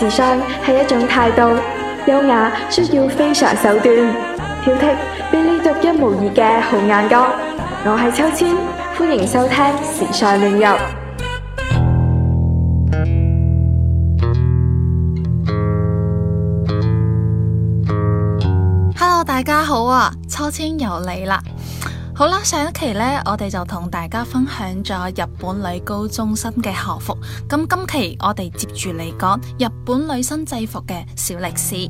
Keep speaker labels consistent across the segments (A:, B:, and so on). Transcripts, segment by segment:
A: .時尚係一種態度，優雅需要非常手段，挑剔俾你獨一無二嘅好眼光。我係秋千，歡迎收聽時尚領域。Hello，大家好啊，秋千又嚟啦。好啦，上一期呢，我哋就同大家分享咗日本女高中生嘅校服。咁今期我哋接住嚟講日本女生制服嘅小歷史。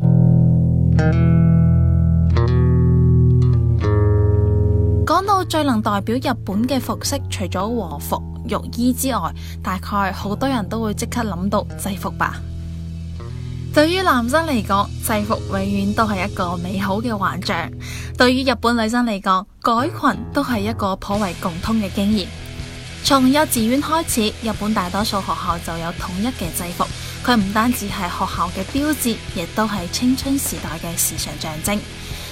A: 講 到最能代表日本嘅服飾，除咗和服、浴衣之外，大概好多人都會即刻諗到制服吧。對於男生嚟講，制服永遠都係一個美好嘅幻象；對於日本女生嚟講，改裙都係一個頗為共通嘅經驗。從幼稚園開始，日本大多數學校就有統一嘅制服，佢唔單止係學校嘅標誌，亦都係青春時代嘅時尚象徵。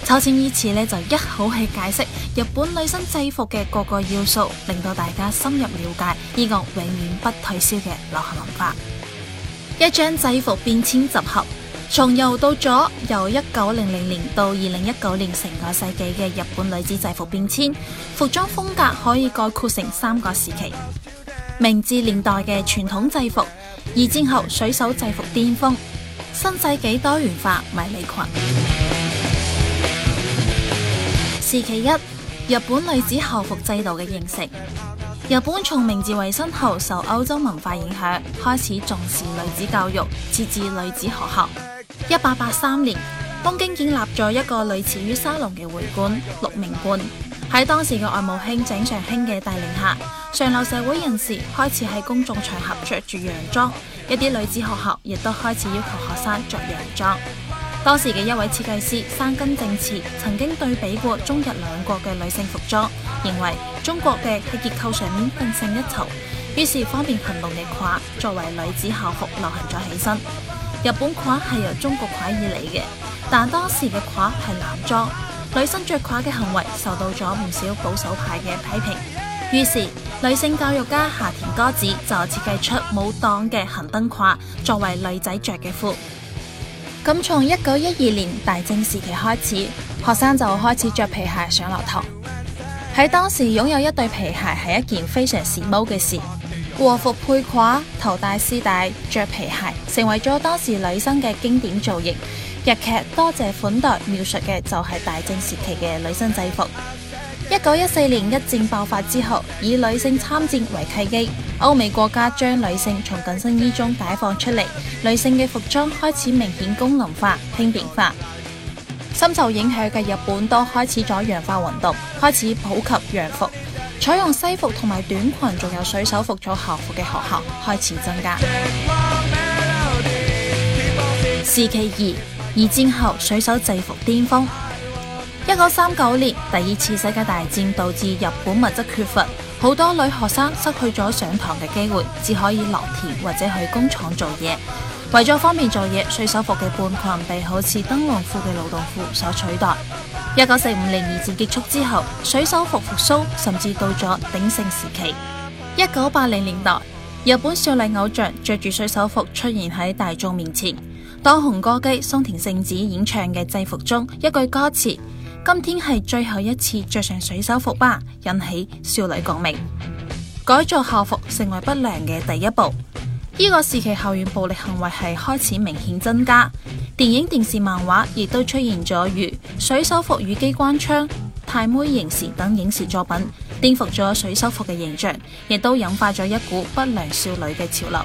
A: 秋千呢次呢就一口氣解釋日本女生制服嘅各個要素，令到大家深入了解呢個永遠不退燒嘅流行文化。一張制服變遷集合，從右到左，由一九零零年到二零一九年，成個世紀嘅日本女子制服變遷，服裝風格可以概括成三個時期：明治年代嘅傳統制服，二戰後水手制服巔峰，新世紀多元化迷你裙。時期一，日本女子校服制度嘅形成。日本從明治維新後受歐洲文化影響，開始重視女子教育，設置女子學校。一八八三年，東京建立咗一個類似於沙龍嘅會館——鹿鳴館。喺當時嘅外務卿井上馨嘅帶領下，上流社會人士開始喺公衆場合着住洋裝，一啲女子學校亦都開始要求學生着洋裝。當時嘅一位設計師山根正次曾經對比過中日兩國嘅女性服裝，認為中國嘅喺結構上面更勝一籌，於是方便行動嘅袴作為女子校服流行咗起身。日本袴係由中國袴而嚟嘅，但當時嘅袴係男裝，女生着袴嘅行為受到咗唔少保守派嘅批評。於是女性教育家夏田歌子就設計出冇檔嘅行燈袴，作為女仔着嘅褲。咁從一九一二年大正時期開始，學生就開始着皮鞋上落堂。喺當時擁有一對皮鞋係一件非常時髦嘅事。和服配袴，頭戴絲帶，着皮鞋，成為咗當時女生嘅經典造型。日劇多謝款待描述嘅就係大正時期嘅女生制服。一九一四年一戰爆發之後，以女性參戰為契機。歐美國家將女性從緊身衣中解放出嚟，女性嘅服裝開始明顯功能化、輕便化。深受影響嘅日本都開始咗洋化運動，開始普及洋服，採用西服同埋短裙，仲有水手服做校服嘅學校開始增加。時期二，二戰後水手制服巔峰。一九三九年，第二次世界大戰導致日本物質缺乏，好多女學生失去咗上堂嘅機會，只可以落田或者去工廠做嘢。為咗方便做嘢，水手服嘅半裙被好似燈籠褲嘅勞動褲所取代。一九四五年二戰結束之後，水手服復蘇，甚至到咗鼎盛時期。一九八零年代，日本少女偶像着住水手服出現喺大眾面前。當紅歌姬松田聖子演唱嘅《制服》中一句歌詞。今天係最後一次着上水手服吧，引起少女共鳴，改造校服成為不良嘅第一步。呢、這個時期，校園暴力行為係開始明顯增加。電影、電視、漫畫亦都出現咗，如水手服與機關槍、太妹刑事等影視作品，顛覆咗水手服嘅形象，亦都引發咗一股不良少女嘅潮流。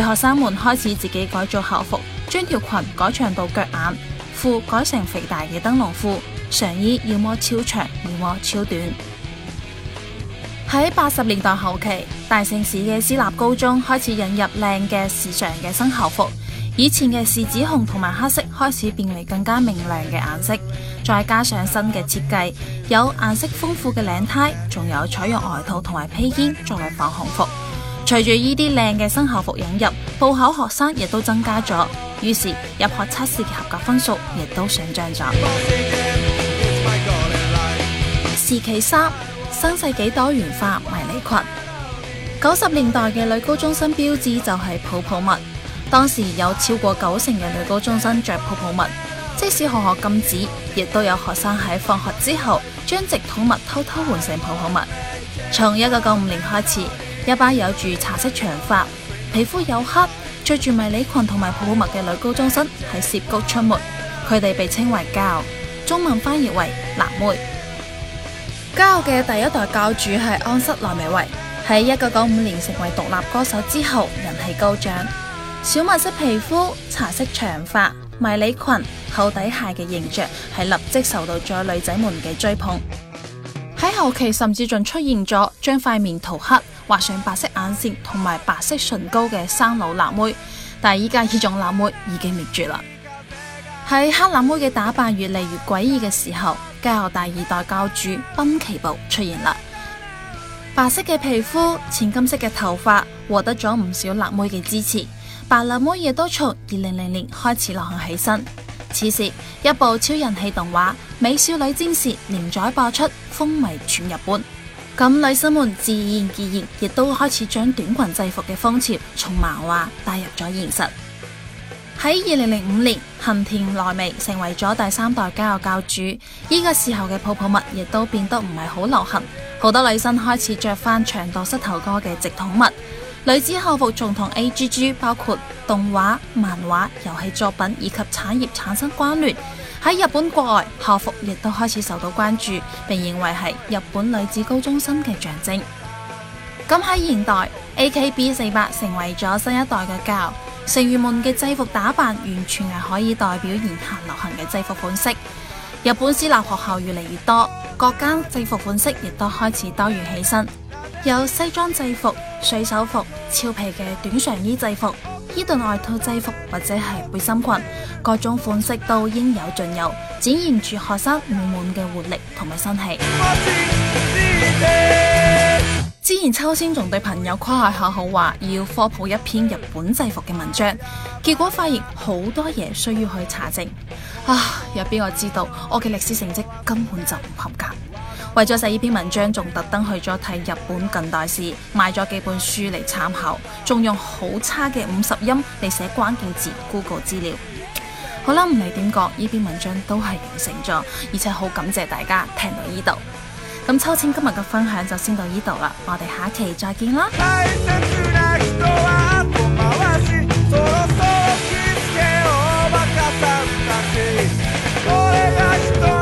A: 女學生們開始自己改造校服，將條裙改長到腳眼，褲改成肥大嘅燈籠褲。上衣要麼超長，要麼超短。喺八十年代後期，大城市嘅私立高中開始引入靚嘅時尚嘅新校服。以前嘅柿子紅同埋黑色開始變為更加明亮嘅顏色，再加上新嘅設計，有顏色豐富嘅領呔，仲有採用外套同埋披肩作為防寒服。隨住呢啲靚嘅新校服引入，報考學生亦都增加咗，於是入學測試嘅合格分數亦都上漲咗。二其三新世紀多元化迷你裙，九十年代嘅女高中生標誌就係泡泡襪。當時有超過九成嘅女高中生着泡泡襪，即使學校禁止，亦都有學生喺放學之後將直筒襪偷偷換成泡泡襪。從一九九五年開始，一班有住茶色長發、皮膚黝黑、着住迷你裙同埋泡泡襪嘅女高中生喺澀谷出沒，佢哋被稱為教，中文翻譯為辣妹。家樂嘅第一代教主係安室奈美惠，喺一九九五年成為獨立歌手之後，人氣高漲。小麥色皮膚、茶色長髮、迷你裙、厚底鞋嘅形象，係立即受到咗女仔們嘅追捧。喺後期，甚至仲出現咗將塊面塗黑、畫上白色眼線同埋白色唇膏嘅生老辣妹，但係依家呢種辣妹已經滅絕啦。喺黑辣妹嘅打扮越嚟越詭異嘅時候，街校第二代教主濱崎步出現啦，白色嘅皮膚、淺金色嘅頭髮，獲得咗唔少辣妹嘅支持。白辣妹亦都從二零零零年開始流行起身。此時，一部超人氣動畫《美少女戰士》連載播出，風靡全日本。咁女生們自然而然亦都開始將短裙制服嘅風潮從漫畫帶入咗現實。喺二零零五年，幸田來未成為咗第三代交友教主。呢、這個時候嘅泡泡襪亦都變得唔係好流行，好多女生開始着翻長度膝頭哥嘅直筒襪。女子校服仲同 A.C.G. 包括動畫、漫畫、遊戲作品以及產業產生關聯。喺日本國外，校服亦都開始受到關注，被認為係日本女子高中生嘅象徵。咁喺現代，A.K.B. 四八成為咗新一代嘅教。成員們嘅制服打扮完全係可以代表現下流行嘅制服款式。日本私立學校越嚟越多，各間制服款式亦都開始多元起身，有西裝制服、水手服、俏皮嘅短上衣制服、伊頓外套制服或者係背心裙，各種款式都應有盡有，展現住學生們滿滿嘅活力同埋新氣。之前秋千仲對朋友誇下海口，話，要科普一篇日本制服嘅文章，結果發現好多嘢需要去查證。啊，有邊個知道我嘅歷史成績根本就唔合格。為咗寫呢篇文章，仲特登去咗睇日本近代史，買咗幾本書嚟參考，仲用好差嘅五十音嚟寫關鍵字，Google 資料。好啦，唔理點講，呢篇文章都係完成咗，而且好感謝大家聽到呢度。咁秋千今日嘅分享就先到呢度啦，我哋下期再見啦。